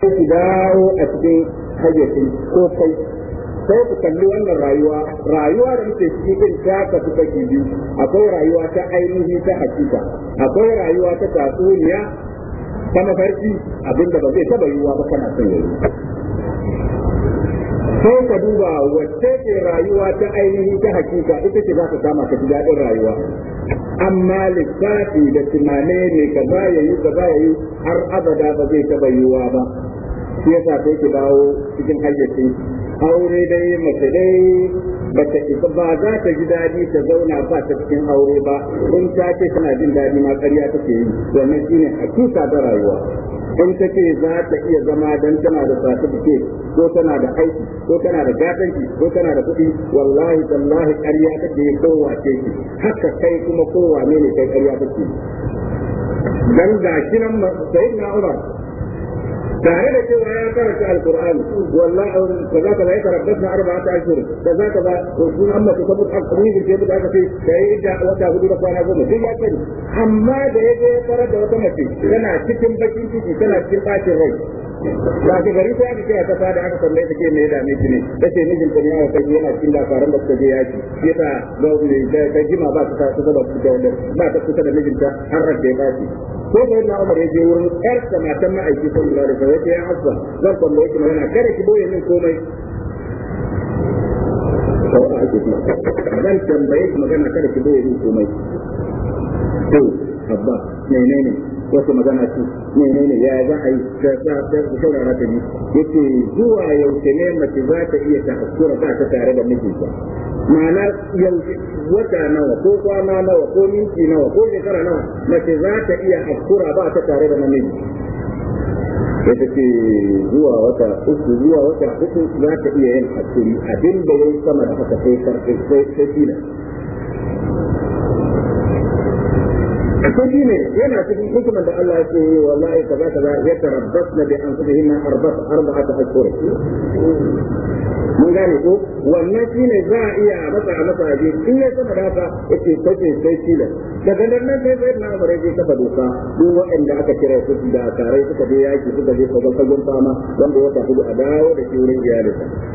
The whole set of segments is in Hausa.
sai ki dawo a cikin hayyacin sosai sai ku kalli wannan rayuwa rayuwa da muke cikin din ta kasu kake biyu akwai rayuwa ta ainihi ta hakika akwai rayuwa ta tatsuniya ta mafarki abinda ba zai taba yiwuwa ba kana son yayi sai ka duba wacce ce rayuwa ta ainihi ta hakika ita ce za ka kama ka ji daɗin rayuwa amma lissafi da tunane ne ka ba yayi ka ba yayi har abada ba zai taba yiwuwa ba shi yasa sai ki dawo cikin hayyacin aure dai mace dai ba ta isa ba za ta ji daɗi ta zauna ba ta cikin aure ba in ta ce tana jin daɗi ma ƙarya take yi shi ne hakika da rayuwa in ta ce za ta iya zama dan tana da buke ko tana da aiki ko tana da gatanci ko tana da kuɗi wallahi tallahi ƙarya take yi ko wace ki haka kai kuma ko wane ne kai ƙarya take dan ga kiran sayyidina Umar tare da cewa ya karanta alqur'ani wallahi za kaza ya karanta na arba'ata ashhur kaza kaza to sun amma ta mutu akuri da yadda aka ce kai da wata hudu da kwana goma duk ya sani amma da yaje ya tarar da wata mace tana cikin bakin ciki tana cikin bacin rai kashi gari sai aka kai a kasa da aka tambaye ta ke me ya dame ki ne ke mijin ta ne ya kai yana cikin dafaran da suka je yaki sai ta ga da ta jima ba ta ta ba ta da ba ta kusa da mijin ta har da ya ki ko da na Umar ya je wurin yar ta matan ma'aiki sallallahu alaihi wasallam ya hafsa zan tambaye ki magana kada ki boye min komai zan tambaye ki magana kada ki boye min komai to abba menene wata magana ce menene ya za a yi ta saurara ta ne yace zuwa yaushe ne mace za ta iya ta haskura ba ta tare da ta ma'ana yaushe wata nawa ko kwana nawa ko minti nawa ko shekara nawa mace za ta iya haskura ba ta tare da namiji ya take zuwa wata uku zuwa wata uku za ta iya yin hakuri abin da ya yi sama da haka sai karfe sai sai shi ne yana cikin hukumar da Allah yake yi wallahi kaza kaza ya tarabbasna bi anfusihim arba'ata ashhur mun gane ko wannan shi ne za a iya masa a masa aje in ya sama da haka ce kace sai shi daga nan nan sai sai na bare zai kafa doka duk waɗanda aka kira su da tare suka je yaki suka je kaga fagen fama wanda wata hudu a dawo da shi wurin iyali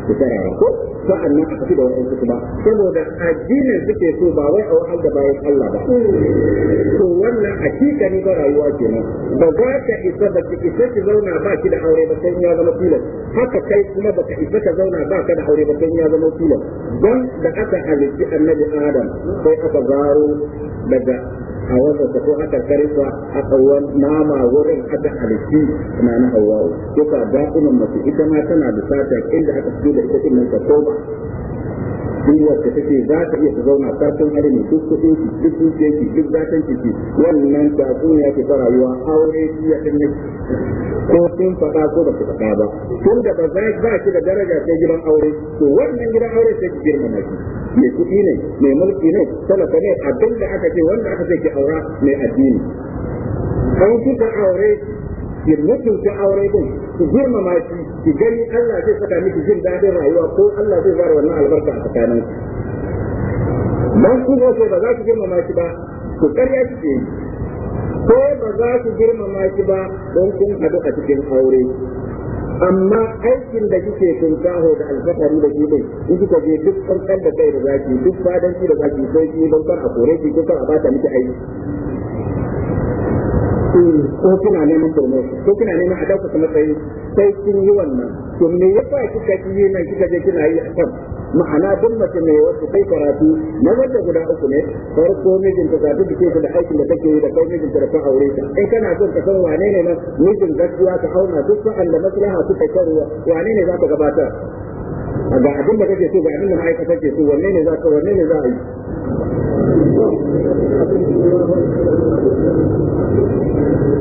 su tara ko sa'annan aka fi da wa'in kuma saboda addinin suke so ba wai a wahal da bayan Allah ba to wannan hakika ne ga rayuwa kenan ba za ka isa ba ki isa ki zauna ba ki da aure ba sai ya zama filin haka kai kuma ba ka isa ka zauna ba ba ka da aure ba ya zama tilo don da aka halitta annabi adam sai aka garo daga a ta ko aka karfa aka wan nama wurin aka halitti kuma na hawawu duka kuma mace ita ma tana da sata inda aka fito da ita din nan ta koma duniyar da take za ta iya ta zauna sarkin harami duk ko ki duk dukiyar ki duk zatan ki ki wannan ta duniya ke fara yawa aure ki ya dinne ko kin faɗa ko ba ta faɗa ba tun da ba za ba ki da daraja sai gidan aure to wannan gidan aure sai ki girma na ki mai kuɗi ne mai mulki ne talaka ne abin da aka ce wanda aka ce ki aura mai addini an kika aure ki mutunta aure din ki girma ma ki ki gani Allah zai saka miki jin dadin rayuwa ko Allah zai fara wannan albarka a tsakanin dan ku ko ba za ki girmama shi ba ku ƙarya kike yi ko ba za ki girmama shi ba don kun hadu a cikin aure amma aikin da kike kun kaho da alfahari da kike in kika je duk kankan da kai da zaki duk fadanci da zaki sai ki don kar a kore ki ko kar a bata miki aiki ko kina neman promotion ko kina neman a dauka matsayi sai kin yi wannan to me yasa kika yi nan kika je kina yi akan ma'ana duk mace mai wasu kai karatu na wanda guda uku ne farko mijin ta zabi dake da aikin da kake yi da kai mijin ta ka aure ta in kana son ka san wane ne nan mijin gaskiya ka hauna duk sa'an da maslaha suka karuwa wane ne za ka gabatar ga abin da kake so ga abin da ma'aikata ke so wanne ne za ka wanne ne za a yi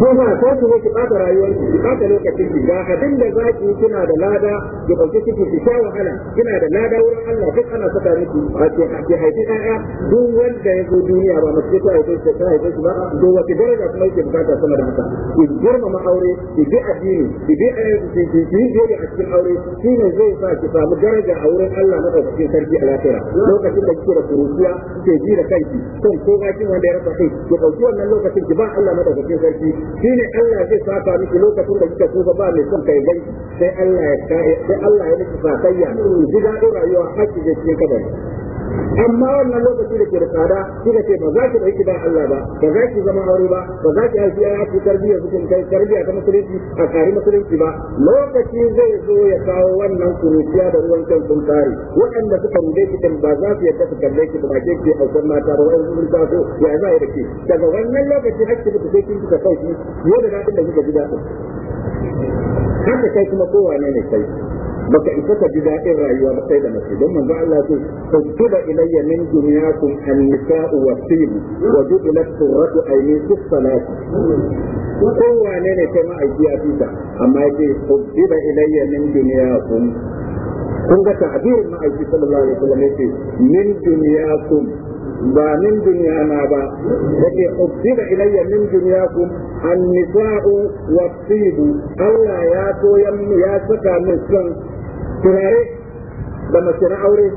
ko ba ko ki ne ki bata rayuwar ki bata lokacin ki ga abin da zaki kina da lada ki dauki kiki ki sha wahala kina da lada wurin Allah duk ana saka miki a ce ki haifi ɗaya duk wanda ya zo duniya ba mace ta haife shi ta haife shi ba to wace daraja kuma yake bukata sama da haka ki girmama aure ki bi addini ki bi ki ki a cikin aure ne zai sa ki samu daraja a wurin Allah madaukakin sarki a lafiya lokacin da kike da kuruciya ke ji da kanki kan ko bakin wanda ya rasa kai ki dauki wannan lokacin ki ba Allah madaukakin sarki shine Allah zai saka miki lokacin da kika kusa ba mai son kai bai sai Allah ya kai sai Allah ya miki sakayya ki ga rayuwa hakki da cikin amma wannan lokaci da ke da tsada shi da ce ba za ki ɗauki ba Allah ba ba za ki zama aure ba ba za ki haifi ya ki tarbiyya su kuma kai tarbiyya ta musulunci a tsari musulunci ba lokaci zai zo ya kawo wannan kuruciya da ruwan kan sun tsari waɗanda suka rube ki kan ba za su yadda su kalle ki ba ke ke aukar mata ba wani sun taso ya za a yi da ke daga wannan lokaci hakki mutu sai kin kika kai yau da daɗin da kika ji daɗin haka kai kuma kowane ne kai baka isa ka ji daɗin rayuwa ba sai da mace don manzo Allah ce kutiba ilayya min dunyakum an-nisa'u was-sibu wa ju'ilat turatu ayni fis-salati wane ne kai ma'aiki a fita amma yake kutiba ilayya min dunyakum kun ga ta'birin ma'aiki sallallahu alaihi wasallam yake min dunyakum ba min duniya na ba yake ubtida ilayya min dunyakum an-nisa'u was-sibu Allah ya koyan ya saka min son turare da mace na aure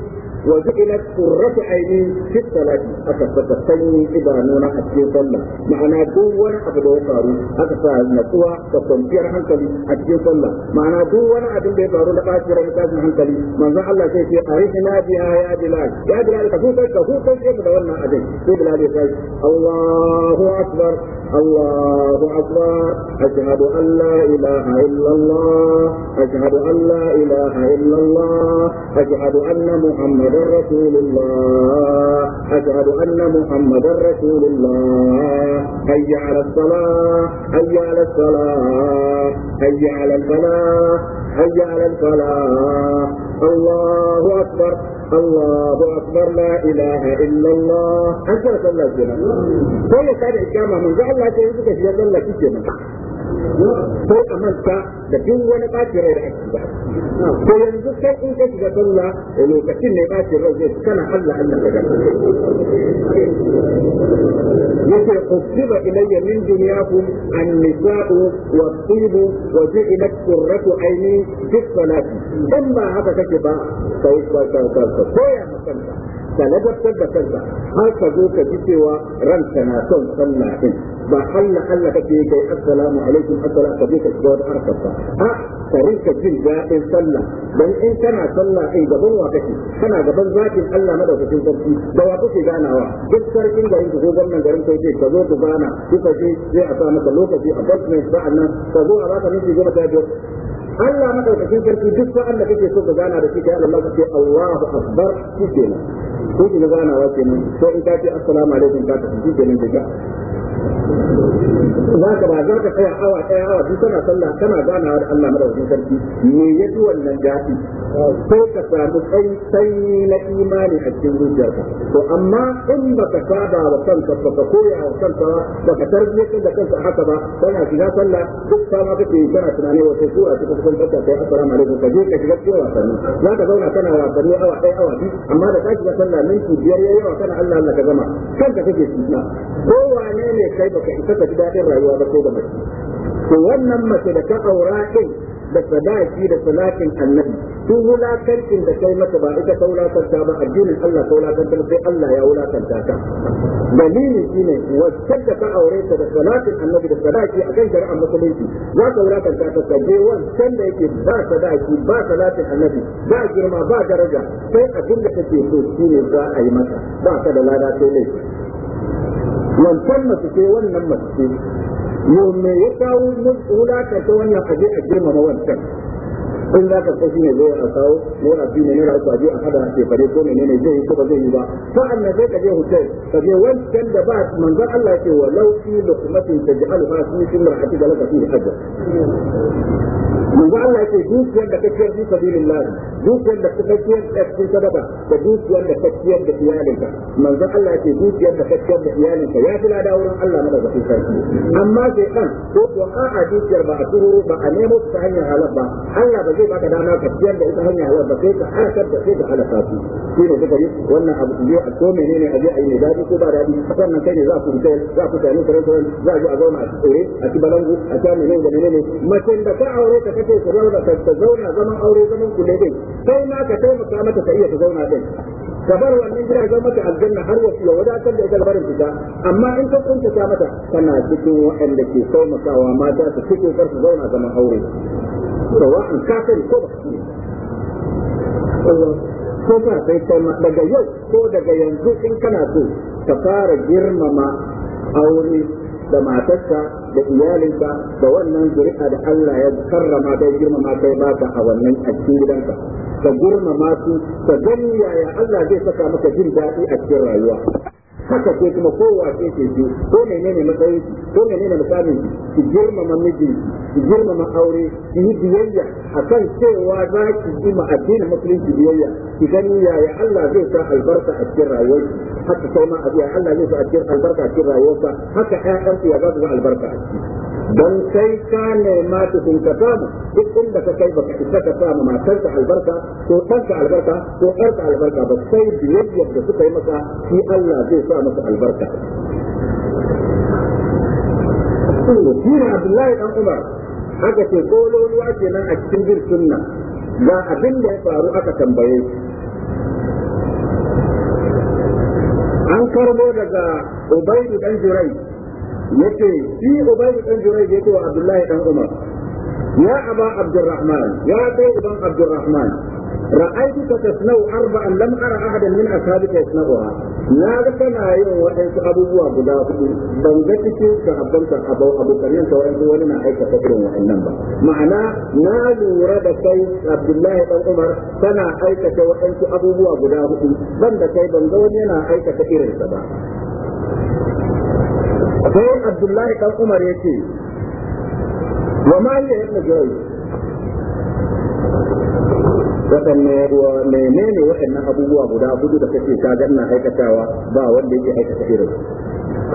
وجعلت قرة عيني في الصلاة أتفتتني إذا نونا أتكي صلى معنى دون أبدا وقارو أتفا نسوى تصنفير حنكلي أتكي صلى معنى دون أبدو قارو لقاتي رمتاز حنكلي من ذا الله سيسي أرحنا بها يا بلال يا بلال كفوكي كفوكي يبدا ونا أدي في بلال الله أكبر الله أكبر أشهد أن لا إله إلا الله أشهد أن لا إله إلا الله أشهد أن محمد محمد رسول الله أشهد أن محمد رسول الله حي على الصلاة حي على الصلاة حي على الصلاة حي على الصلاة الله أكبر الله أكبر لا إله إلا الله أنت صلى الله عليه وسلم كل سنة من جعل الله شيء في أن ko a manta da duk wani ɓacin rai da ake ba to yanzu sai in ka shiga sallah da lokacin ne ɓacin rai zai kana Allah Allah ka gaba yake uktiba ilayya min dunyakum an-nisa'u wat-tibu wa ju'ilat qurratu ayni fi salati dan ba haka kake ba sai ka ka ko ya makanta ka ladabtar da kanka har ka zo ka ji cewa ranka na son sallah din ba Allah Allah kake yi kai assalamu alaikum assalamu ka je ka shiga wata harkar ba a ka rinka jin daɗin sallah dan in kana sallah din eh, gaban wa kake kana gaban zakin Allah madaukakin sarki da wa kake ganawa duk sarkin garin ko gwamnan garin kai ce ka zo ku gana kuka je sai a sa maka lokaci a basement sa'annan ka zo a baka miki goma ta biyar Allah madaukakin sarki duk sa'an da kake so ka gana da shi kai Allah ka ce Allahu akbar shi kenan sun na ganawa kenan ko in ka ce assalamu alaikum ka tafi kenan da ba ka ba za ka tsaya awa ɗaya awa biyu kana sallah kana ganawa da Allah madaukakin sarki me ya ji wannan daɗi sai ka samu sai na imani a cikin zuciyarka to amma in baka saba wa kanka baka koya wa kanka baka tarbiyyar da kanka haka ba kana shiga sallah duk ta ma kake kana tunani wata sura ta kusan fata sai assalamu alaikum ka je ka shiga cikin wasanni za ka zauna kana wasanni awa ɗaya awa biyu amma da ka shiga sallah minti biyar yayi yawa kana Allah Allah ka gama kanka kake tsina ko wane ne kai baka isa ka ji daɗin rayuwa ba sai da mace to wannan mace da ka aura din da sadaki da salatin annabi Tun wulakantin da kai mata ba ita ta wulakanta ba addinin Allah ta wulakanta sai Allah ya wulakanta ta dalili shine wacce da ka aure ta da salatin annabi da sadaki akan shari'ar musulunci za ka wulakanta ta ka je wancan da yake ba sadaki ba salatin annabi ba girma ba daraja sai abin da kake so shine za a yi mata ba ka da lada sai laifi wancan mace ce wannan mace ce me ya kawo wulata ta wannan aje a girmama wancan in za ka so shi ne zai a kawo naira biyu ne naira uku a je a hada shekare ko ne ne zai yi ko ba zai yi ba sa'an nan sai ka je hotel ka je wancan da ba manzon Allah ce wa lauki luqmatin taj'alha fi imra'atika laka fi hajja يقول الله يقول في عندك تكفير في سبيل الله يقول في عندك تكفير في سببه يقول في عندك تكفير في خيالك من ذا الله يقول في عندك تكفير في خيالك يا في العداء ورح الله ما رضا في خيالك أما شيئا قد وقع عديد يربع كهر بأنيمه تهني على الله الله بجيب أكا دعنا تكفير بأي تهني على الله كيف حركت بخيط على خاتي aka ce ka zauna ka zauna zaman aure zaman kule din kai ma ka taimaka mata ta iya ta zauna din ka bar wannan gida zama aljanna har wasu ya wadatar da ita da barin fita amma in ka kuntata mata kana cikin waɗanda ke taimakawa mata su cikin kar su zauna zaman aure sawa'an ka sani ko ba ko ba sai kai daga yau ko daga yanzu in kana so ka fara girmama aure da matarka da iyalinka da wannan zuri'a da Allah ya karrama da girmama kai baka a wannan a cikin gidanka ka girmama su ka gani yaya Allah zai saka maka jin daɗi a cikin rayuwa haka ce kuma kowa ce ce ce ko menene matsayin ko menene misalin ki girmama miji ki girmama aure ki yi biyayya akan cewa za ki yi ma addinin musulunci biyayya ki gani yaya Allah zai sa albarka a cikin rayuwarki haka sau ma abiya Allah zai sa a cikin albarka a cikin rayuwarsa haka ƴaƴan ku ya za su ga albarka a ciki don kai ka nema sun ka samu duk inda ka kai baka isa ka samu ka albarka ko ɗanka albarka ko ɗarka albarka ba sai biyayyar da suka yi maka shi Allah zai sa masa albarka Sura Abdullahi ɗan Umar aka ce kololuwa kenan a cikin bin sunna ga abin da ya faru aka tambaye an karbo daga Ubaidu dan Jurai yace shi ubayi dan jurai ya ce wa abdullahi dan umar ya aba abdurrahman ya kai ibn abdurrahman ra'aytu ka tasnau arba'an lam ara ahadan min ashabika yasnauha na ga kana yin wa'ansu abubuwa guda hudu ban ga cikin sahabban ka abu abu karyan ka wa'ansu wani na aikata irin wa'annan ba ma'ana na lura da kai abdullahi dan umar kana aikata wa'ansu abubuwa guda hudu ban da kai ban ga wani na aika aikata irin sa ba sai abdullahi dan umar ya ce wa ma hiya yi jawi waɗanne ruwa menene waɗannan abubuwa guda hudu da kake ka ganna aikatawa ba wanda yake aikata irin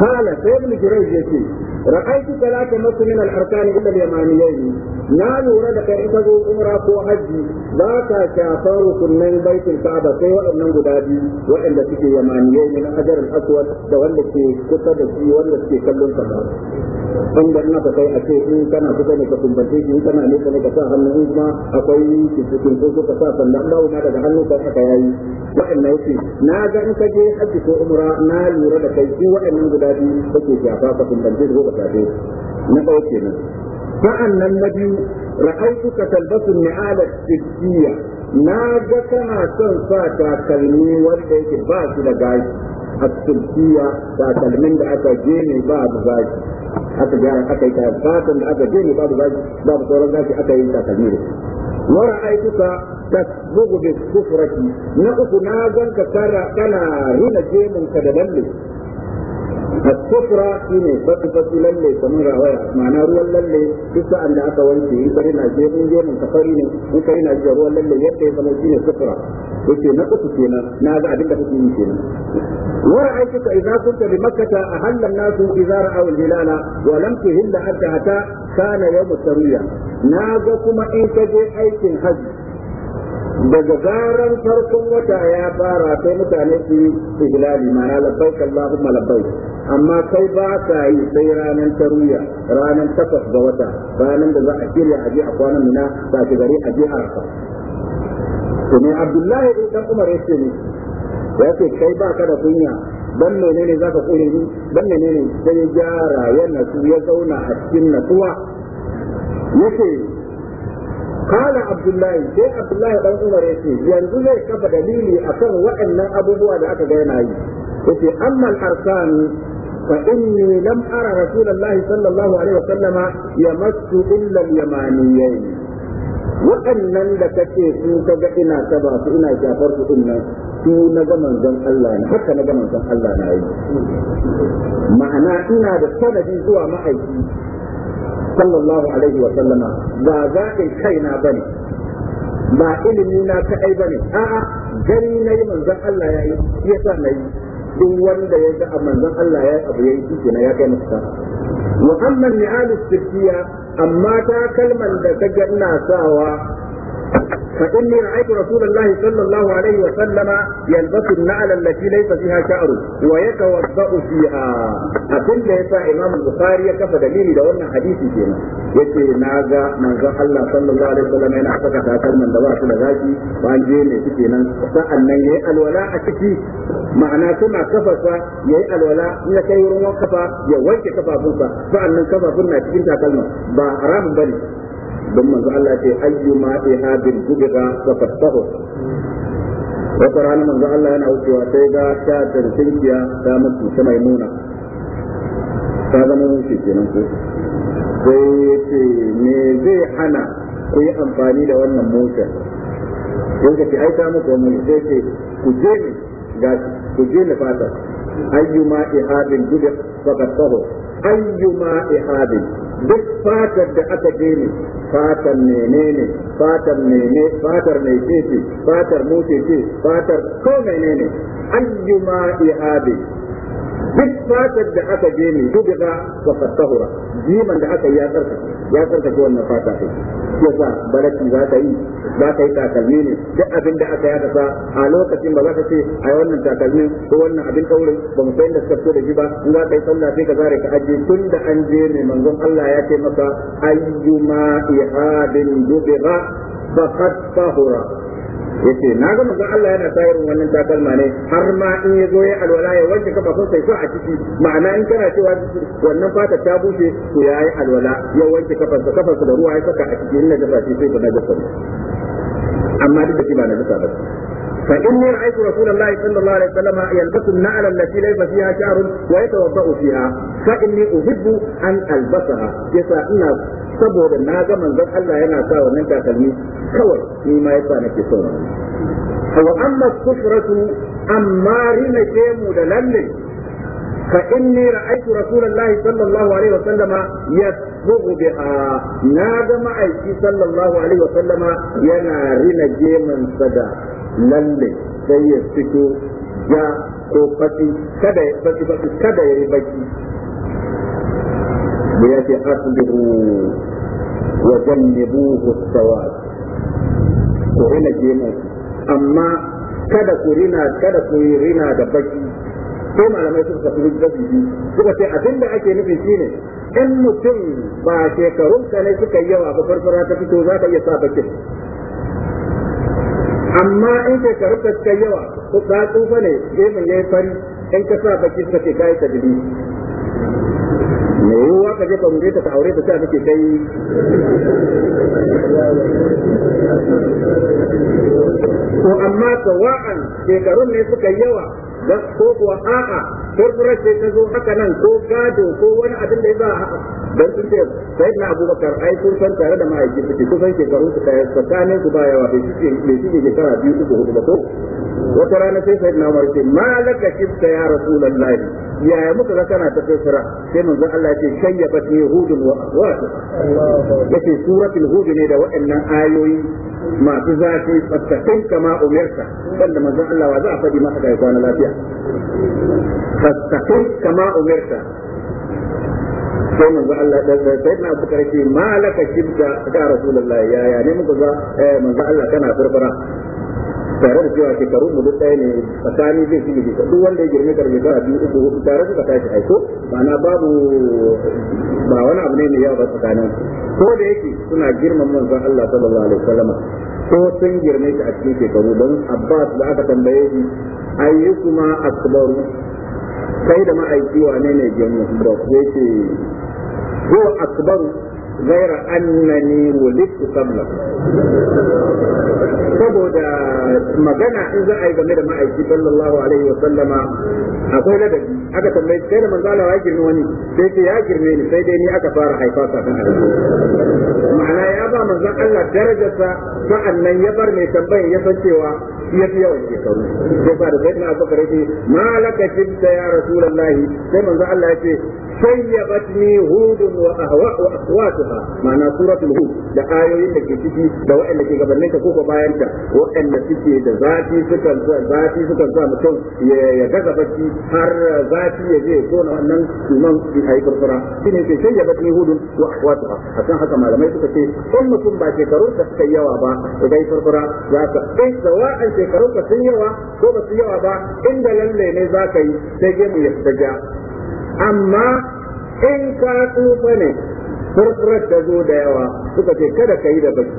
قال ابن جريج يقول رأيت ثلاثة مصر من الأركان إلا اليمانيين نال ورد كإتبو أمرا كو حجي ذاك شافار من بيت الكعبة سوى أن قدادي وإن تكي يمانيين من أجر الأسود دولك كتب في ولك كلهم تبارك in da ka kai a ce in kana kusa ne ka kumbace shi in kana nesa ne ka sa hannu in kuma akwai cikin ko ka sa sannan dawo na daga hannu ka aka yayi wa'annan yake na ga in ka je haji ko umra na lura da kai in wa'annan guda biyu kake shafa ka kumbace ko ka shafe na nan. kenan sa'annan na biyu ra'aytuka talbasu ni'ala tijjiya na ga kana son sa takalmi wanda yake ba shi da gashi a tijjiya takalmin da aka je ba ba gashi aka gyara aka yi kayan fatan da aka jini babu babu sauran zafi aka yi ta kabiru aikuka ta bugu bi kufrati na uku na ganka kana rina jemin ka da lalle الصفرة شيني فتي فتي للي كمان راوية معنى روى للي بس أن أكا وانتي يكرين أجيب ونجيب من تقريني يكرين أجيب روى للي يبقى يسمى شيني صفرة يكي نقص فينا نازع عدد في فينا ورأيتك إذا كنت بمكة أهل الناس إذا رأوا الهلال ولم تهل أنت حتى كان يوم السرية نازكما إن تجي أيك الحج daga zaran farkon wata ya fara sai mutane su yi ihlali ma'ana labbaik allahumma labbaik amma kai ba ka yi sai ranar taruya ranar takwas ga wata ranar da za a shirya je a kwanan mina ba ki gari a arfa to ne abdullahi ɗin dan umar yace ne ce kai ba ka da kunya dan menene zaka kore ni dan menene sai ya gyara ya su ya zauna a cikin natsuwa yake kala abdullahi sai abdullahi ɗan umar yace yanzu zai kafa dalili akan waɗannan abubuwa da aka ga yana yi yace amma al-arkan fa inni lam ara rasulullahi sallallahu alaihi wasallam yamassu illa al-yamaniyyin waɗannan da kace su kaga ina saba su ina shafar su din nan su na ga Allah ne haka na Allah yi ma'ana ina da sanadi zuwa ma'aiki sallallahu alaihi wa sallama ba za kai na bane ba ilimi na kadai bane a'a gani nayi manzon Allah yayi yasa nayi duk wanda ya ga manzon Allah yayi abu yi shi ya kai masa muhammad ni alu sirriya amma ta kalman da ta ganna sawa فإني رأيت رسول الله صلى الله عليه وسلم يلبس النعل التي ليس فيها شعر ويتوضأ فيها أكن ليس إمام البخاري كفى دليل دولنا حديثي فينا يتي ناغا من الله صلى الله عليه وسلم أنا أحبك تاكل من دواء كل ذاتي وأن جيني تكينا فأنا يأي الولاء أتكي معنى كما كفى يأي الولاء إذا كان يرون وقفى يوجه كفى فنسى فأنا كفى فنسى تكين تاكلنا بحرام بني don manzo Allah ce ayyu ma ihabin dubira fa fastahu wata rana manzo Allah yana wucewa sai ga ta tarsinkiya ta mutu ta maimuna ta zama wuce kenan ko sai ce me zai hana ku yi amfani da wannan motar don ka ce ai ta mutu wannan sai ce ku je ni ga ku je ni fata ayyu ma ihabin dubira fa fastahu ayyu ma ihabin duk fatar da aka je fatar menene fatar mene fatar mai ce fatar muke ce fatar ko menene ayyuma ihabi duk fatar da aka je ne duk da wa fatahura jiman da aka ya tsarka ya ko wannan fata ce sa baraki za ta yi za ta yi takalmi ne duk abin da aka ya sa a lokacin ba za ka ce a wannan takalmi ko wannan abin kaurin ba mu san da suka fito da shi ba in za ka yi sallah sai ka zare ka aje tun da an je ne manzon Allah ya ce maka ayyuma ihadin dubiga faqad fatahura yace na ga manzon Allah yana sa irin wannan takalma ne har ma in ya zo ya alwala ya wanke kafafun sai a ciki ma'ana in kana cewa wannan fata ta bushe to yayi alwala ya wanke kafarsa kafarsa da ruwa ya saka a ciki inda gaba ce sai na gaba amma duk da shi ba na gaba ba فإني رأيت رسول الله صلى الله عليه وسلم يلبس النعل التي ليس فيها شعر ويتوضأ فيها فإني أحب أن ألبسها يسألنا saboda na ga manzon Allah yana sa wannan takalmi kawai ni ma yasa nake son rayuwa fa wa amma kufratu amma rina ke mu da lalle fa inni ra'aytu rasulullahi sallallahu alaihi wa sallama yasbu biha na ga ma'aiki sallallahu alaihi wa sallama yana rina geman sada lalle sai ya fito ya ko fati kada ya fati fati kada ya yi baki ya ce asbihu wa jannibuhu as-sawat to ina je amma kada ku rina kada ku rina da baki ko malamai suka tafi da suka ce abinda ake nufi shine in mutum ba shekarun ka ne suka yawa ba farfara ta fito za ka iya sa bakin amma in shekarun ka suka yawa ko ka tsufa ne gemin yayi fari in ka sa baki suka ce kai ta me yiwuwa ka je ka mure ta aure ta sai kake kai Ko amma sawa'an shekarun ne suka yawa ko kuwa a'a furfurar sai ta zo haka nan ko gado ko wani abin da ya za a don sun ce sai na abubakar ai kun san tare da ma'aikin suke kusan shekarun su kaya tsakanin su ba yawa bai suke bai suke shekara biyu uku hudu ba ko wata rana sai sai na umar ce ma laka kifta ya rasulullahi yaya muka ga kana ta tsira sai manzo Allah ya ce shayyabat yahudun wa aswat yace suratul hud ne da waɗannan ayoyi masu zafi tsakkakin kama umirta wanda manzo Allah wa za a faɗi maka da kwana lafiya tsakkakin kama umirta sai manzo Allah da eh, eh, sai na abu malaka shibda ga rasulullahi yaya ne muka ga eh, manzo Allah kana furfura tare da cewa shekaru mu duk ɗaya ne tsakani zai shi gidi duk wanda ya girme karbe za a biyu uku hudu tare suka tashi aiko ma'ana babu ba wani abu ne mai yawa ba tsakanin ko da yake suna girman manzon Allah sallallahu alaihi wasallam ko sun girme shi a cikin shekaru don Abbas da aka tambaye shi ayyukuma akbaru kai da ma'aiki wane ne girman da yake ko akbaru غير أنني ولدت قبلك saboda magana in za a yi game da ma'aiki sallallahu alaihi wa sallama akwai ladabi aka tambaye sai da manzala ya girme wani sai ce ya girme ni sai dai ni aka fara haifa kafin ma'ana ya ba manzan Allah darajarsa sa'annan ya bar mai tambayin ya san cewa shi ya fi yawan shekaru sai ba da sayyidina abubakar yake ma laka tibta ya rasulullahi sai manzo Allah yake sayyabatni hudun wa ahwa wa ma'ana suratul hud da ayoyin da ke ciki da waɗanda ke gabanin ko bayan ta waɗanda suke da zafi suka zuwa zafi suka zuwa mutum ya gaza bacci har zafi ya je ko na wannan suman shi ayi kurkura ke hudun wa akan haka malamai suka ce in mutum ba shekaru da suka yawa ba idan kurkura za ka shekarun ka sun yawa ko ba su yawa ba inda lalle ne za ka yi sai ke mu fita amma in ka tsufa ne furfurar da zo da yawa suka ce kada ka yi da baki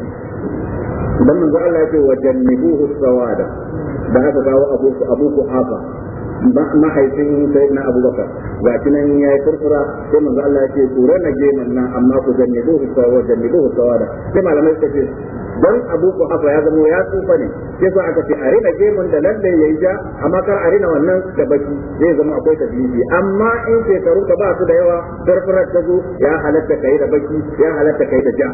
dan manzo Allah ya ce wa jannibuhu sawada da aka kawo abu abu ku afa mahaifin sai na abubakar ga shi nan ya yi furfura sai manzo Allah ya ce kura na geman nan amma ku janye duhu sawa janye duhu sawa da sai malamai suka ce dan abu ku ya zama ya tsufa ne sai sa aka ce a rina geman da nan da yayi ja amma kar a rina wannan da baki zai zama akwai tabibi amma in shekaru ka ba su da yawa furfurar ta zo ya halatta kai da baki ya halatta kai da ja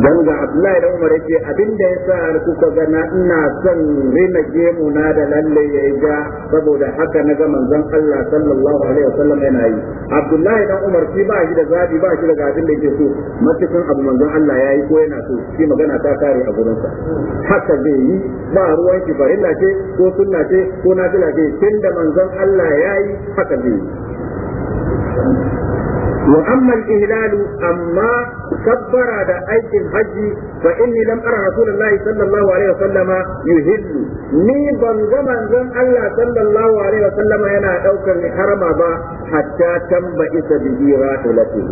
dan ga Abdullahi da Umar yake abin da yasa kuka ga na ina son rina gemu na da lalle ya ja saboda haka na ga manzon Allah sallallahu alaihi wasallam yana yi Abdullahi da Umar shi ba shi da zabi ba shi da gadin da yake so matukan abu manzon Allah ya yi ko yana so shi magana ta kare a gurinsa haka zai yi ba ruwan shi bari ce ko sunna ce ko nafila ce tunda manzon Allah ya yi haka zai yi واما الاهلال اما كبر على ايك الحج فاني لم ارى رسول الله صلى الله عليه وسلم يهل ني بنغم زن الله صلى الله عليه وسلم ينا دوكر لحرم با حتى تنبئس به راحلته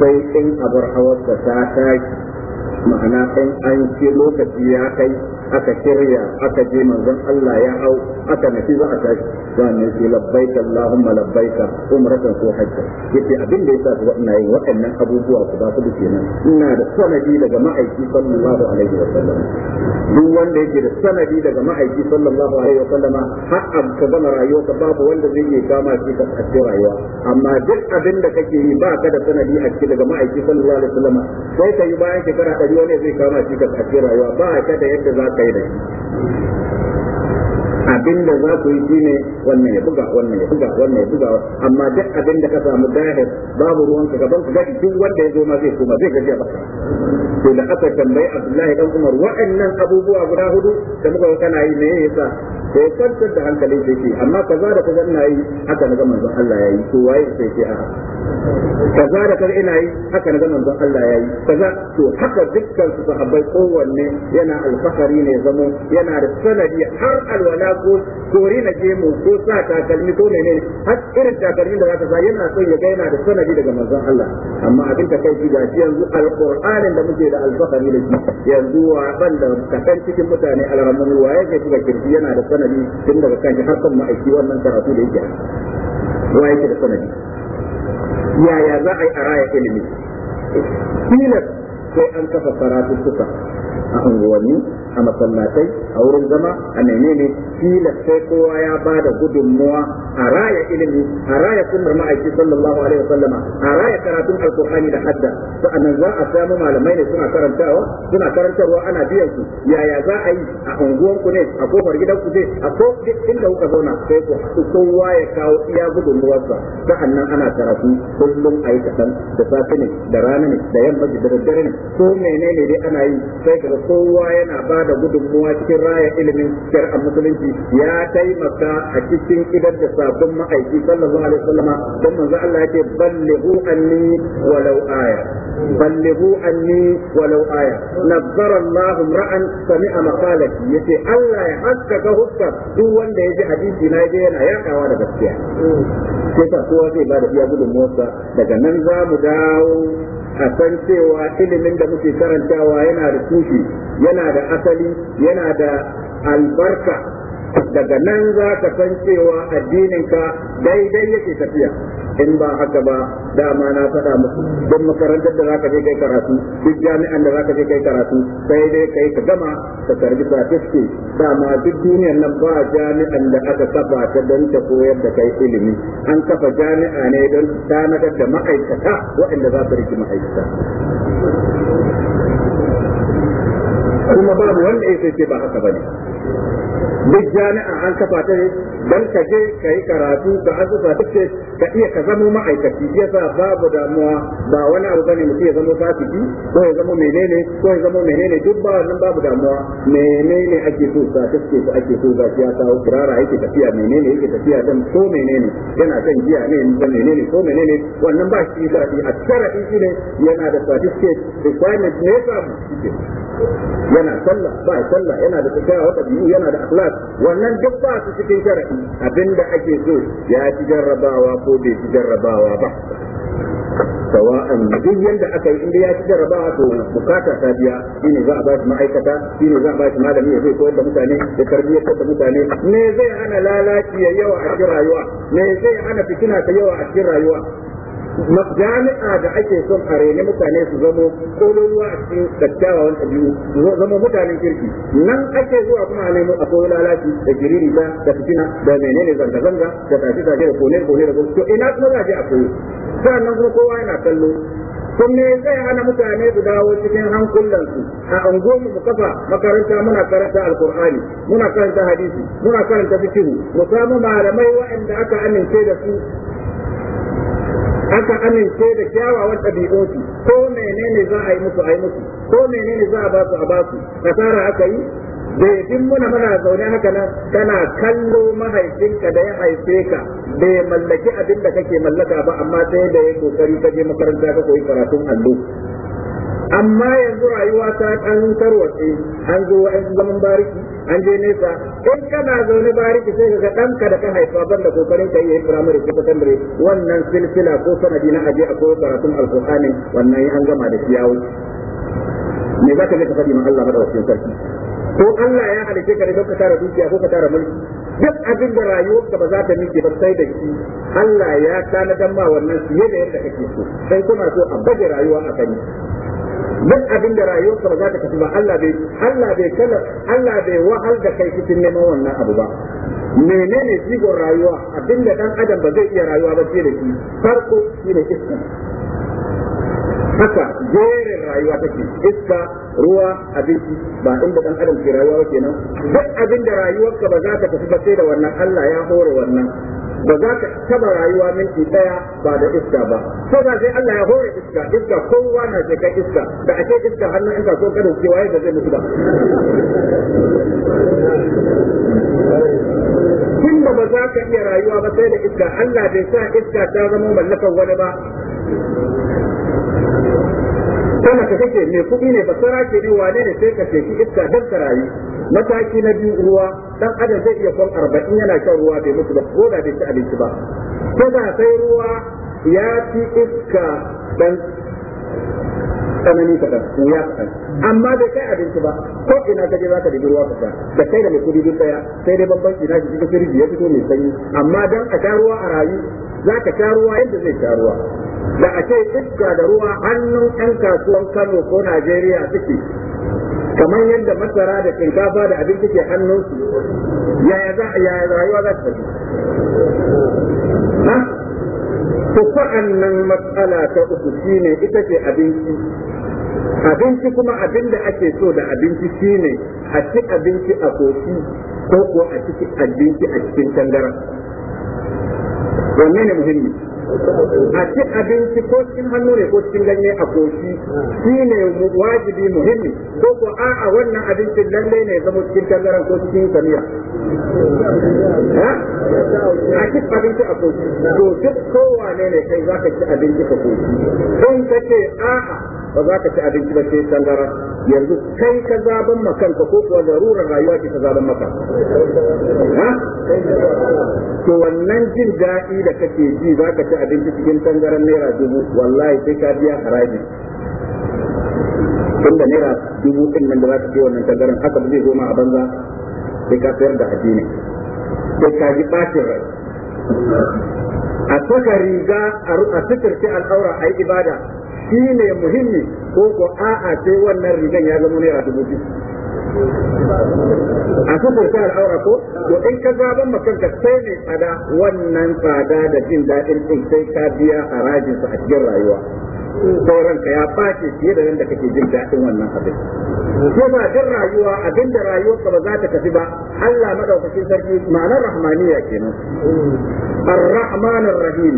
sai in abar hawarsa ta tashi ma'ana in an ce lokaci ya kai aka shirya aka je manzon Allah ya hau aka nafi za a tashi za ne ce labbaika Allahumma labbaika umratan ko hajja yace abin da yasa ku ina yin waɗannan abubuwa ku ba ku da kenan ina da sanadi daga ma'aiki sallallahu alaihi wa sallam duk wanda yake da sanadi daga ma'aiki sallallahu alaihi wa sallama har an ka zama rayuwa babu wanda zai iya kama shi ka tsaci rayuwa amma duk abin da kake yi ba ka da sanadi a cikin daga ma'aiki sallallahu alaihi wa sallama sai ka yi bayan shekara rayuwa ne zai kama shi ka cikin rayuwa ba ka da yadda za ka yi da shi a abin da za ku yi shine wannan ya buga wannan ya buga wannan ya buga amma duk abin da ka samu dahir babu ruwan ka gaban ka gadi duk wanda ya zo ma zai koma zai gaji ba. to da aka tambayi Abdullahi dan Umar wa'annan abubuwa guda hudu da muka ga kana yi me yasa sai kwantar da hankalin sai ke amma kaza da kaza ina yi haka na ga manzon Allah yayi to waye sai ke a kaza da kaza ina yi haka na ga manzon Allah yayi kaza to haka dukkan su sahabbai kowanne yana alfahari ne zama yana da sanadi har alwala ko kore na mu ko sa takalmi ko ne har irin takalmin da zaka sa yana son ya ga yana da sanadi daga manzon Allah amma abin ta kai ga yanzu alqur'anin da muke da alfahari da shi yanzu wa ka kasan cikin mutane alramun waye zai cikin kirki yana da sanadi tun daga kanki har kan ma'aiki wannan karatu da yake waye ke da sanadi yaya za a yi a raya ilimi tilas sai an kafa suka a unguwanni a masallatai a wurin zama a menene kila sai kowa ya ba da gudunmuwa a raya ilimi a raya sunnar ma'aiki sallallahu alaihi sallama a raya karatun alqur'ani da hadda sa'annan za a samu malamai ne suna karantawa suna karantarwa ana biyan su yaya za a yi a unguwar ku ne a kofar gidan ku ne a ko inda kuka zauna sai ku haɗu kowa ya kawo iya gudunmuwarsa sa'annan ana karatu kullum a yi kaɗan da safe ne da rana ne da yamma da daddare ne ko menene dai ana yi sai kaga kowa yana ba da gudunmuwa cikin raya ilimin a musulunci ya taimaka a cikin idan da sabon ma'aiki sallallahu alaihi wasallama don manzo Allah yake anni walau aya ballighu anni walau aya nazzara Allah ra'an sami'a maqalati yace Allah ya haskaka hukka duk wanda ya ji hadisi na je yana yakawa da gaskiya sai ka kowa zai ba da iya gudunmuwarsa daga nan za mu dawo a san cewa ilimin da muke karantawa yana da tushe yana da asali yana da albarka daga nan za ka san cewa ka daidai yake tafiya in ba haka ba dama na faɗa muku don makarantar da za ka je kai karatu duk jami'an da za ka je kai karatu sai dai kai ka gama ka karbi certificate dama duk duniyan nan ba jami'an da aka kafa ta don ta koyar da kai ilimi an kafa jami'a ne don tanadar da ma'aikata waɗanda za su riki ma'aikata kuma babu wanda ya ce ba haka bane duk jami'a an kafa ta ne don ka je ka yi karatu ka azuka take ka iya ka zama ma'aikaci sa babu damuwa ba wani abu bane mutum ya zama fasiki ko ya zama menene ko ya zama menene duk ba wannan babu damuwa menene ake so sa take ko ake so ga ya kawo kirara yake tafiya menene yake tafiya dan so menene yana kan jiya ne dan menene so menene wannan ba shi sharadi a shi ne yana da certificate requirement ne sa yana sallah ba sallah yana da tsaya wata yana da akhlas wannan duk ba su cikin shar'i abinda ake so ya ci jarrabawa ko bai ci jarrabawa ba sawa'an duk yanda aka yi inda ya ci jarrabawa to bukata ta biya shine za a ba shi ma'aikata shine za a ba shi malami ya zai koyar da mutane da tarbiyyar da mutane me zai hana lalaci ya yawa a cikin rayuwa me zai hana fitina ta yawa a cikin rayuwa jami'a da ake son a rene mutane su zamo kololuwa a cikin dattawan ɗabi'u su zama mutanen kirki nan ake zuwa kuma a nemo a koyo lalaci da giriri da da fitina da menene zanga-zanga da tafi-tafi da kone-kone da to ina kuma za a je a koyo kuma kowa yana kallo kun me zai hana mutane su dawo cikin hankulansu a unguwarmu mu kafa makaranta muna karanta alkur'ani muna karanta hadisi muna karanta fikihu mu samu malamai waɗanda aka amince da su aka amince da kyawawan ɗabi'unsu ko menene za a yi musu a yi musu ko menene za a ba su a ba su kasara aka yi bai muna muna zaune haka nan kana kallo mahaifinka da ya haife ka bai mallaki abin da kake mallaka ba amma sai da ya kokari ka je makaranta ka koyi karatun allo amma yanzu rayuwa ta ɗan tarwatse an zo wa'in zaman bariki an je nesa in kana zaune bariki sai ka ɗanka da ka haifa ban da kokarin ka yi firamare ko sakandare wannan silsila ko sanadi na aje a koyo karatun alƙur'ani wannan an gama da ciyawo me za ka je ka faɗi ma Allah madaukakin sarki ko Allah ya halice ka ne don ka tara dukiya ko ka tara mulki duk abin da ka ba za ta miƙe ba sai da shi Allah ya tanadan ma wannan fiye da yadda kake so sai kuna so a baje rayuwa a kani duk abin da rayuwarka ba za ta tafi ba Allah bai Allah bai kala Allah bai wahal da kai cikin neman wannan abu ba menene jigon rayuwa abin da dan adam ba zai iya rayuwa ba sai da shi farko shi ne iska haka jerin rayuwa take iska ruwa abinci ba inda dan adam ke rayuwa ba kenan duk abin da rayuwarka ba za ta tafi ba sai da wannan Allah ya hore wannan ba za ka taba rayuwa minti daya ba da iska ba sai da sai Allah ya hore iska iska kowa na ka iska da ake iska hannun iska ko kada ke waye da zai mutu ba tun da ba za ka iya rayuwa ba sai da iska Allah bai sa iska ta zama mallakar wani ba kana ka kake mai kuɗi ne basara ke ne wane ne sai ka sheki iska don ka rayu mataki na biyu ruwa dan adam zai iya son arba'in yana shan ruwa bai mutu ba ko da bai ci abinci ba ko da sai ruwa ya fi iska dan tsanani kaɗan wuya kaɗan amma bai kai abinci ba ko ina ka je za ka dubi ruwa kaɗan da kai da mai kudi duk ɗaya sai dai babban na shi cikin firiji ya fito mai sanyi amma dan a sha ruwa a rayu za ka sha ruwa yadda zai sha ruwa da a ce iska da ruwa hannun 'yan kasuwan Kano ko Najeriya suke kamar yadda masara da shinkafa da abinci ke hannunsu yaya za a yaya rayuwa za ta to nan matsala ta uku shine ita ce abinci abinci kuma abin da ake so da abinci shine a ci abinci a koki ko ko a ci abinci a cikin tangara wannan ne muhimmi a ci abinci ko cikin hannu ne ko cikin ganye a koshi shi ne wajibi muhimmi ko ko a a wannan abinci lalle ne zama cikin tangaran ko cikin samiya a ci abinci a koshi to duk kowa ne kai za ka ci abinci ka koshi don ka ce a a ba za ka ci abinci ba sai sangara yanzu kai ka zaban ka ko kuwa zarurar rayuwa ki ka zaban maka to wannan jin daɗi da kake ji za ka ci abinci cikin tangaran naira dubu wallahi sai ka biya haraji tun da naira dubu ɗin nan da za ka ce wannan tangaran haka ba zai zo ma a banza sai ka sayar da addini sai ka ji ɓacin rai a saka riga a suturce al'aura a yi ibada shi ne muhimmi ko ko a'a sai wannan rigan ya zama naira dubu biyu a sufur ta al'aura ko to in ka zaban ka sai ne tsada wannan tsada da jin daɗin ɗin sai ka biya harajin su a cikin rayuwa sauran ka ya ɓace fiye da nan kake jin daɗin wannan abin ko ba jin rayuwa abin da rayuwarka ba za ta tafi ba Allah madaukakin sarki ma'anar rahmaniya kenan الرحمن الرحيم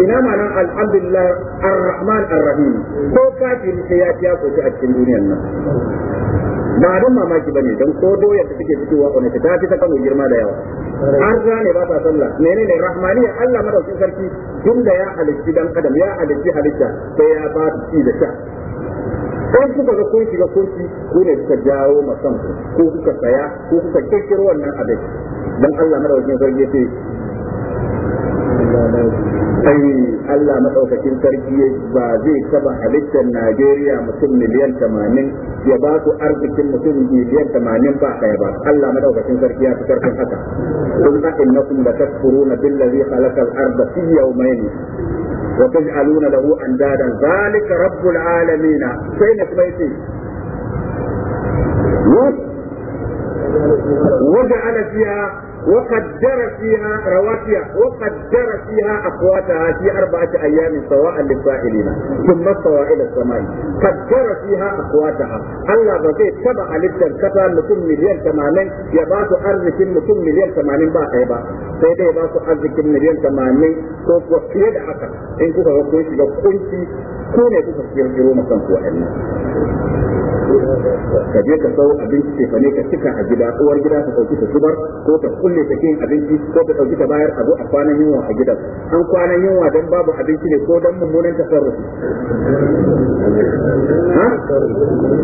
إنا معنى الحمد لله الرحمن الرحيم ko kafin sai ya ciya ko a cikin duniyar nan ba ne mamaki bane don ko doyar da take fitowa ko ta fi ta kano girma da yawa har ne ba ta sallah menene rahmaniya Allah madaukin sarki tun da ya halitti dan adam ya halitti halitta sai ya ba ci da sha in kuka ga kun shiga kunci ku ne kuka jawo masan ko kuka saya ko kuka kirkiro wannan abin dan Allah madaukakin sarki ce sai Allah madaukakin sarki ba zai taba halittar Najeriya mutum miliyan 80 ya ba ku arzikin mutum miliyan 80 ba daya ba Allah madaukakin sarki ya fitar da haka kun ta innakum la takfuruna billazi khalaqa al-ardha fi yawmayn wa taj'aluna lahu dadan zalika rabbul alamin sai na kuma yace وجعل فيها وقدر فيها رواسي وقدر فيها أقواتها في أربعة أيام سواء للسائلين ثم استوى إلى السماء قدر فيها أقواتها ألا بزي تبع كفا لكم مليون ثمانين يباس أرزك لكم مليون ثمانين با أيبا سيدة يباس أرزك مليون ثمانين سوف وفيد حقا إن كوكا وكوش لو كنت كوني كوكا في الجرومة كنت وحنا ka je ka sau abinci ce ne ka cika a gida uwar gida ka sauki ta zubar ko ka kulle ta kin abinci ko ka sauki ta bayar abu a kwanan yunwa a gidan an kwanan yunwa don babu abinci ne ko dan mummunan tasarrufi ha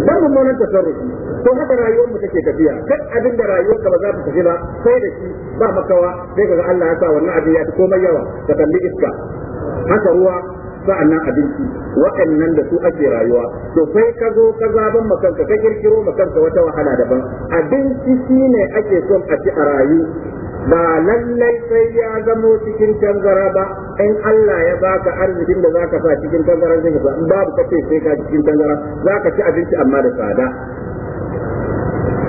dan mummunan tasarrufi to haka rayuwar mu take tafiya duk abin da rayuwar ka ba za ta tafi ba sai da shi ba makawa sai kaga Allah ya sa wannan abin ya fi komai yawa ka kalli iska haka ruwa sa'annan abinci waɗannan da su ake rayuwa to sai ka zo ka zaban makanka ka kirkiro makanka wata wahala daban abinci ne ake son a ci a rayu ba lallai sai ya zamo cikin tangara ba in Allah ya baka arzikin da zaka sa cikin tangara zai ka babu kace sai ka cikin tangara zaka ci abinci amma da tsada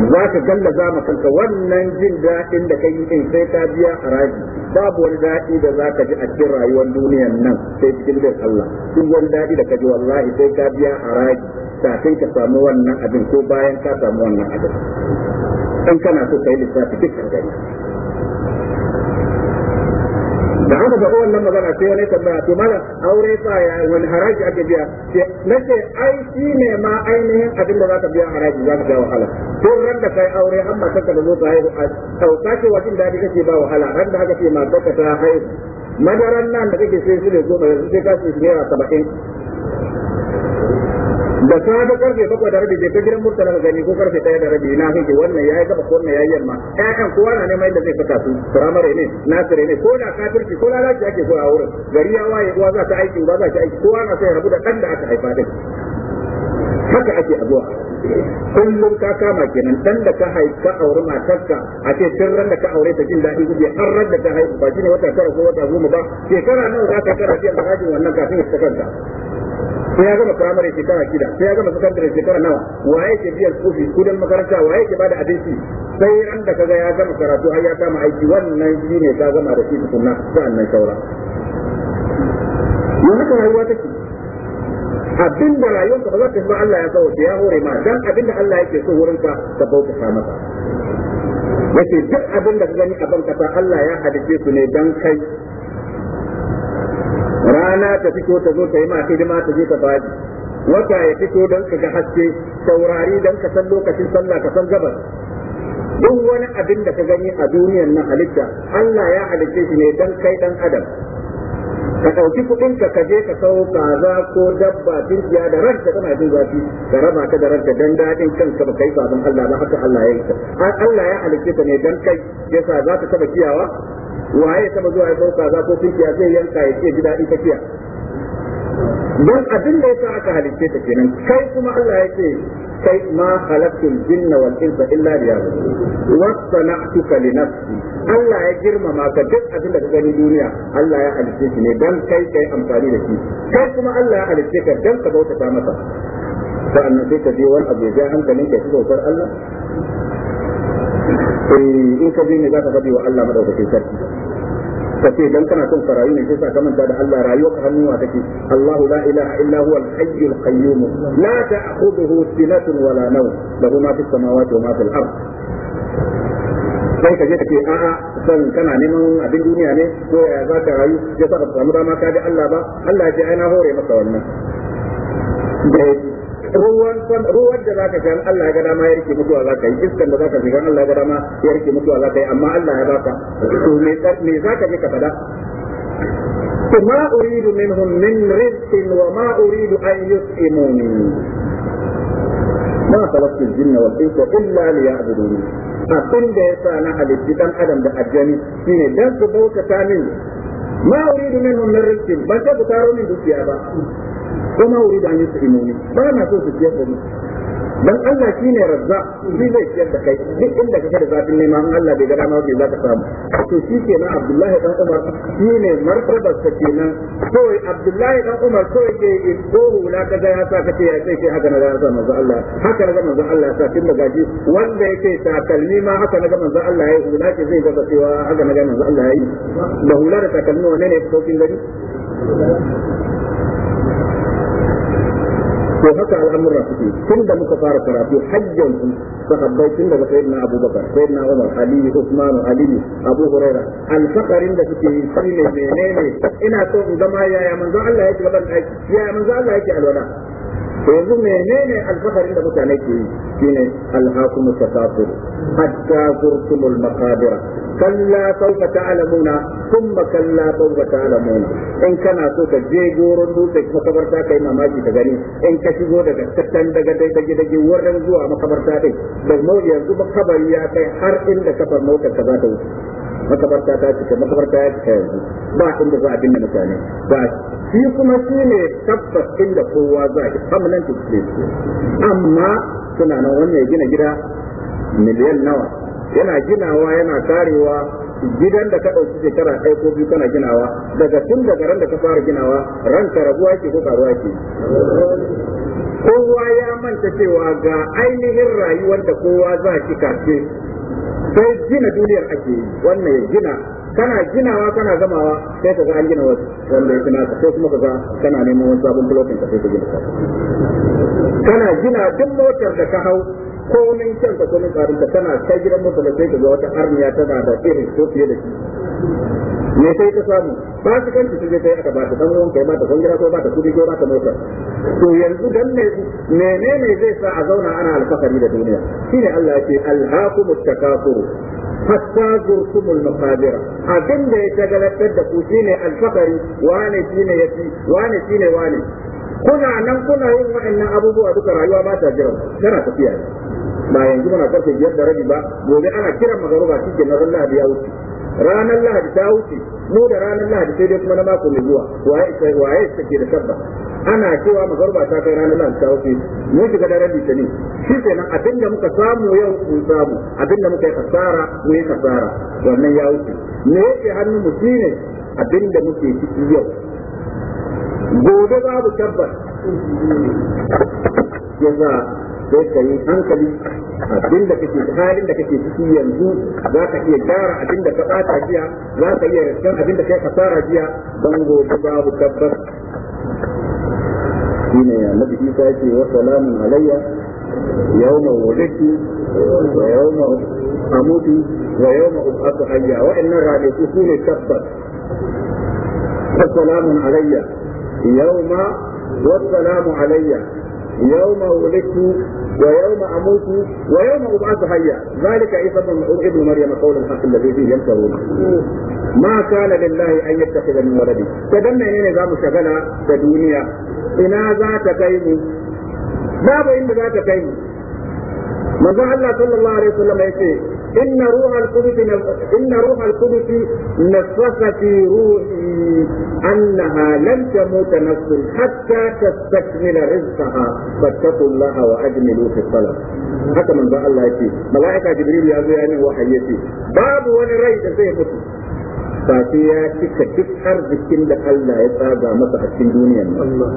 za ka gallaza ma kanka wannan jin daɗin da kai din sai ka biya haraji babu wani daɗi da za ka ji a cikin rayuwar duniyan nan sai cikin bin Allah duk wani daɗi da ka ji wallahi sai ka biya haraji kafin ka samu wannan abin ko bayan ka samu wannan abin in kana so kai lissafi ka gari da aka ga wannan magana sai wani tambaya to mana aure fa ya wani haraji ake biya nace ai shi ne ma ainihin abin da zaka biya haraji zaka biya wahala ko ran da kai aure an ba kanka da zo haihu a sauka ce wajen da kake ba wahala ran da aka ce ma ta haihu madaran nan da kake sai su ne goma yanzu sai ka ce naira saba'in da safe karfe bakwai da ta je ka gidan murtala gani ko karfe ɗaya da rabi na kake wannan ya yi gaba ko wannan yi yamma ƴaƴan kowa na neman yadda zai fita su firamare ne nasire ne ko na kafirci ko lalaci ake a wurin gari ya waye uwa za ta aiki uba za ta aiki kowa na sai rabu da ɗan da aka haifa din haka ake zuwa? kullum ka kama kenan dan da ka haifa aure matarka a ce tun ran da ka aure ta jin daɗi kuke har ran da ta haifa ba shi ne wata tara ko wata goma ba shekara nawa za ka kara a harajin wannan kafin ya ta sai ya gama firamare shekara shida sai ya gama sakandare shekara nawa waye ke biyan kofi kudin makaranta waye ke bada abinci sai ran da kaga ya gama karatu har ya kama aiki wannan ne ka gama da shi tukunna sa'annan saura yau haka rayuwa take abin da rayuwarka ba za ta ba Allah ya sauke ya hore ma dan abin da Allah yake so wurin ka ka bauta masa yace duk abin da ka gani a banka Allah ya hadice su ne dan kai rana ta fito ta zo ta yi ma hidima ta je ta fadi wata ya fito don ka ga haske saurari don ka san lokacin sallah ka san gabas duk wani abin da ka gani a duniyar na halitta Allah ya halitta shi ne dan kai dan adam ka ɗauki kuɗin ka kaje ka kawo kaza ko dabba dukiya da ranka kana jin zafi da raba ka da ranka dan daɗin kanka ba kai sabon Allah ba haka Allah ya yi ka Allah ya halice ka ne dan kai yasa za ka taba kiyawa waye taba zuwa ya kawo kaza ko dukiya zai yanka ya ce ji daɗin ka kiya don abin da yasa aka halice ka kenan kai kuma Allah ya ce kai ma halaktul jinna wal insa illa liya'budun wa sana'tuka li nafsi Allah ya girmama ka duk abin da ka gani duniya Allah ya halice shi ne dan kai kai amfani da shi kai kuma Allah ya halice ka dan ka ta masa sa'annan sai ka je wani abu ya hankalin ka shi bautar Allah eh, in ka bi ne za ka faɗi wa Allah madaukakin sarki ka dan kana son ka rayu ne sai ka manta da Allah rayuwa ka hannuwa take Allahu la ilaha illa huwa al-hayy al-qayyum la ta'khudhuhu sinatun wa la nawm lahu ma fis samawati wa ma fil ard sai ka je ka ce a'a son kana neman abin duniya ne ko ya za ka rayu sai ka samu dama ka Allah ba Allah ya ce ai na hore maka wannan ruwan son ruwan da zaka sha Allah ya ga dama ya rike mutuwa zaka yi iskan da zaka shiga Allah ya ga dama ya rike mutuwa zaka yi amma Allah ya baka to me me zaka je ka fada ma uridu minhum min rizqin wa ma uridu an yut'imuni ma khalaqtu al-jinna wal insa illa liya'budun abin da yasa na halitti dan adam da aljani shine dan su bautata min ma uridu minhum min rizqin ba ta bukaro min dukiya ba ko ma wuri da an yi su imoni ba na so su ciyar da mu. dan Allah shi ne razza shi zai ciyar da kai duk inda kake da zafin nema in Allah bai ga dama bai za ka samu to shi kenan Abdullahi dan Umar shi ne martabar sa kenan kawai Abdullahi dan Umar ko kawai in ko hula kaza ya sa ce ya sai haka na za manzo Allah haka na manzo Allah ya sa tun daga ji wanda yake takalmi ma haka na manzo Allah ya hula ke zai ga cewa haka na manzo Allah ya yi da hula da takalmi wanne ne ko kin gani to haka al'amura suke tun da muka fara karatu hajjan su sahabbai tun daga sayyidina abubakar sayyidina umar ali usman ali abu huraira alfaqarin da suke yi shi ne menene ina so in ga ma yaya manzo Allah yake gaban daki yaya manzo Allah yake alwala yanzu menene alfaharin da mutane ke yi shine alhakumu tasafur hatta zurtumul maqabira kalla sawfa ta'lamuna thumma kalla sawfa ta'lamuna in kana so ka je goron dutse makabarta kai mamaki ka gani in ka shigo daga tattan daga dai dage dai wurin zuwa makabarta dai da mu yanzu makabari ya kai har inda kafar mota ka za ta wuce makabarta ta cika makabarta ya cika yanzu ba inda za a binne mutane ba shi kuma su ne tabbas inda kowa za a permanent place amma suna nan wani ya gina gida miliyan nawa yana ginawa yana karewa gidan da ka ɗauki shekara ɗaya ko biyu kana ginawa daga tun daga ran da ka fara ginawa ranka rabuwa ke ko karuwa ke kowa ya manta cewa ga ainihin rayuwar da kowa za shi kace sai gina duniyar ake yi wannan ya gina kana ginawa kana gamawa sai ka ga an gina wasu wanda ya naka sai kuma ka ga kana neman wani sabon bulokin ka sai ka gina kana gina duk motar da ka hau komin kyan ka komin karin ka kana kai gidan motar da sai ka ga wata armiya tana da irin ko fiye da shi me sai ta samu ba su kanci su je sai aka ba ta dan ruwan kai ba ta kungira ko ba ta kudi ko ba ta motar to yanzu dan ne menene zai sa a zauna ana alfakari da duniya shine Allah ya ce alhaqumut takasur hatta zurtumul maqabira abin da ya tagalatar da ku shine alfahari wane shine yafi wane shine wane kuna nan kuna yin wa'annan abubuwa duka rayuwa ba ta jira tana tafiya ba yanzu muna karfe biyar da rabi ba gobe ana kiran magaruba shi na zalla wuce ranar lahadi ta wuce mu da ranar lahadi sai dai kuma na mako mai zuwa waye su take da sabba ana cewa magarba ta kai ranar lahadi ta wuce mu shiga da ranar ne shi kenan abinda muka samu yau mun samu abinda muka yi kasara mu yi kasara wannan ya wuce me yake hannu mu shine abinda muke ciki yau gobe babu tabbas yasa sai ka yi hankali abin da kake halin da kake ciki yanzu za ka iya gyara abin da ka bata jiya za ka iya rashin abin da kai kasara jiya don gobe babu tabbas shine annabi Isa yake wa salamun alayya yawma wulidtu wa yawma amutu wa yawma ub'athu hayya wa inna rabbika sune tabbas السلام علي يوم والسلام علي يوم ولدت ويوم أموت ويوم أبعث حيا ذلك عيسى ابن مريم قول الحق الذي فيه يمترون ما كان لله أن يتخذ من ولد تدمع إلينا ذا مشغلة الدنيا إنا ذات كيم باب إن ذات كيم manzon Allah sallallahu alaihi wasallam ya ce إن روح القدس إن روح القدس نفخ في روحي أنها لن تموت نفس حتى تستكمل رزقها فاتقوا الله وأجملوا في الصلاة حتى من بقى الله يتي ملائكة جبريل يأذي أنه وحيتي باب ونري تسيح قدس فاتي يا تكتك حرب الكندة الله يتابع مطعة الدنيا الله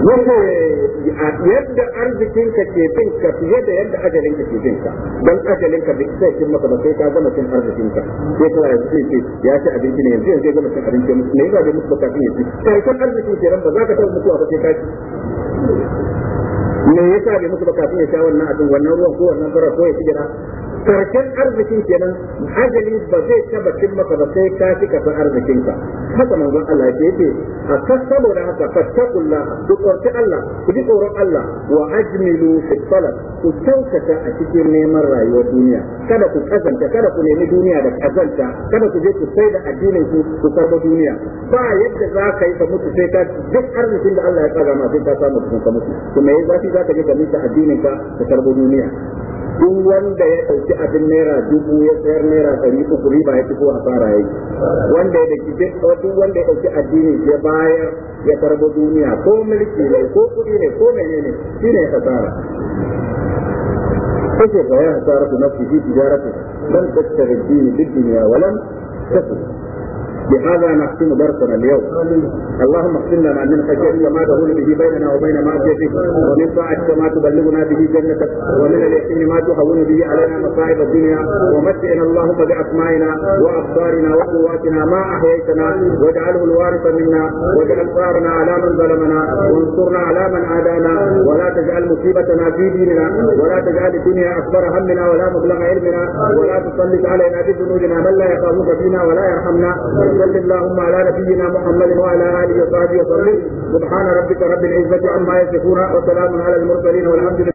yace yadda arzikinka ke bin ka fiye da yadda ajalinka ke bin ka don ajalinka bai sai kin maka ba sai ka gama cin arzikinka sai ka yi cin ce ya ci abinci ne yanzu yanzu ya gama cin abinci ne ya da musu bukatun ya ci karshen arzikin ke ba za ka taɓa mutuwa ba sai ka ci me yasa bai musu ba kafin ya sha wannan abin wannan ruwan ko wannan fara ko ya tijira karshen arzikin kenan ajali ba zai taba cin ba sai ka fi kafin arzikin ka haka manzon Allah ya ce a kan saboda haka fattakullah ku tsorci Allah ku ji tsoron Allah wa ajmilu fi salat ku kyautata a cikin neman rayuwar duniya kada ku kazanta kada ku nemi duniya da kazanta kada ku je ku sai da addinin ku ku karɓa duniya ba yadda za ka yi ka mutu sai ka duk arzikin da Allah ya tsaga ma sai ka samu kun ka mutu kuma yayin zafi za ka je ka mutu addinin ka ka karɓa duniya duk wanda ya ɗauki abin naira dubu ya sayar naira ɗari uku riba ya fito a fara yayi wanda ya daki duk wanda ya ɗauki addini ya bayar ya karɓa duniya ko mulki ne ko kuɗi ne ko menene shine ya kasara خسر فيا خسارة نفسي في تجارته لم تشتغل في بالدنيا ولم تكن بهذا نختم درسنا اليوم اللهم اغفر لنا من خشيت ما تهون به بيننا وبين معصيتك ومن طاعتك ما تبلغنا به جنتك ومن اليقين ما تهون به علينا مصائب الدنيا ومتعنا اللهم باسمائنا وابصارنا وقواتنا ما احييتنا واجعله الوارث منا واجعل ثارنا على من ظلمنا وانصرنا على من عادانا ولا تجعل مصيبتنا في ديننا ولا تجعل الدنيا اكبر همنا ولا مبلغ علمنا ولا تسلط علينا بذنوبنا من لا يخافك فينا ولا يرحمنا وصل اللهم على نبينا محمد وعلى اله وصحبه وسلم سبحان ربك رب العزه عما يصفون وسلام على المرسلين والحمد لله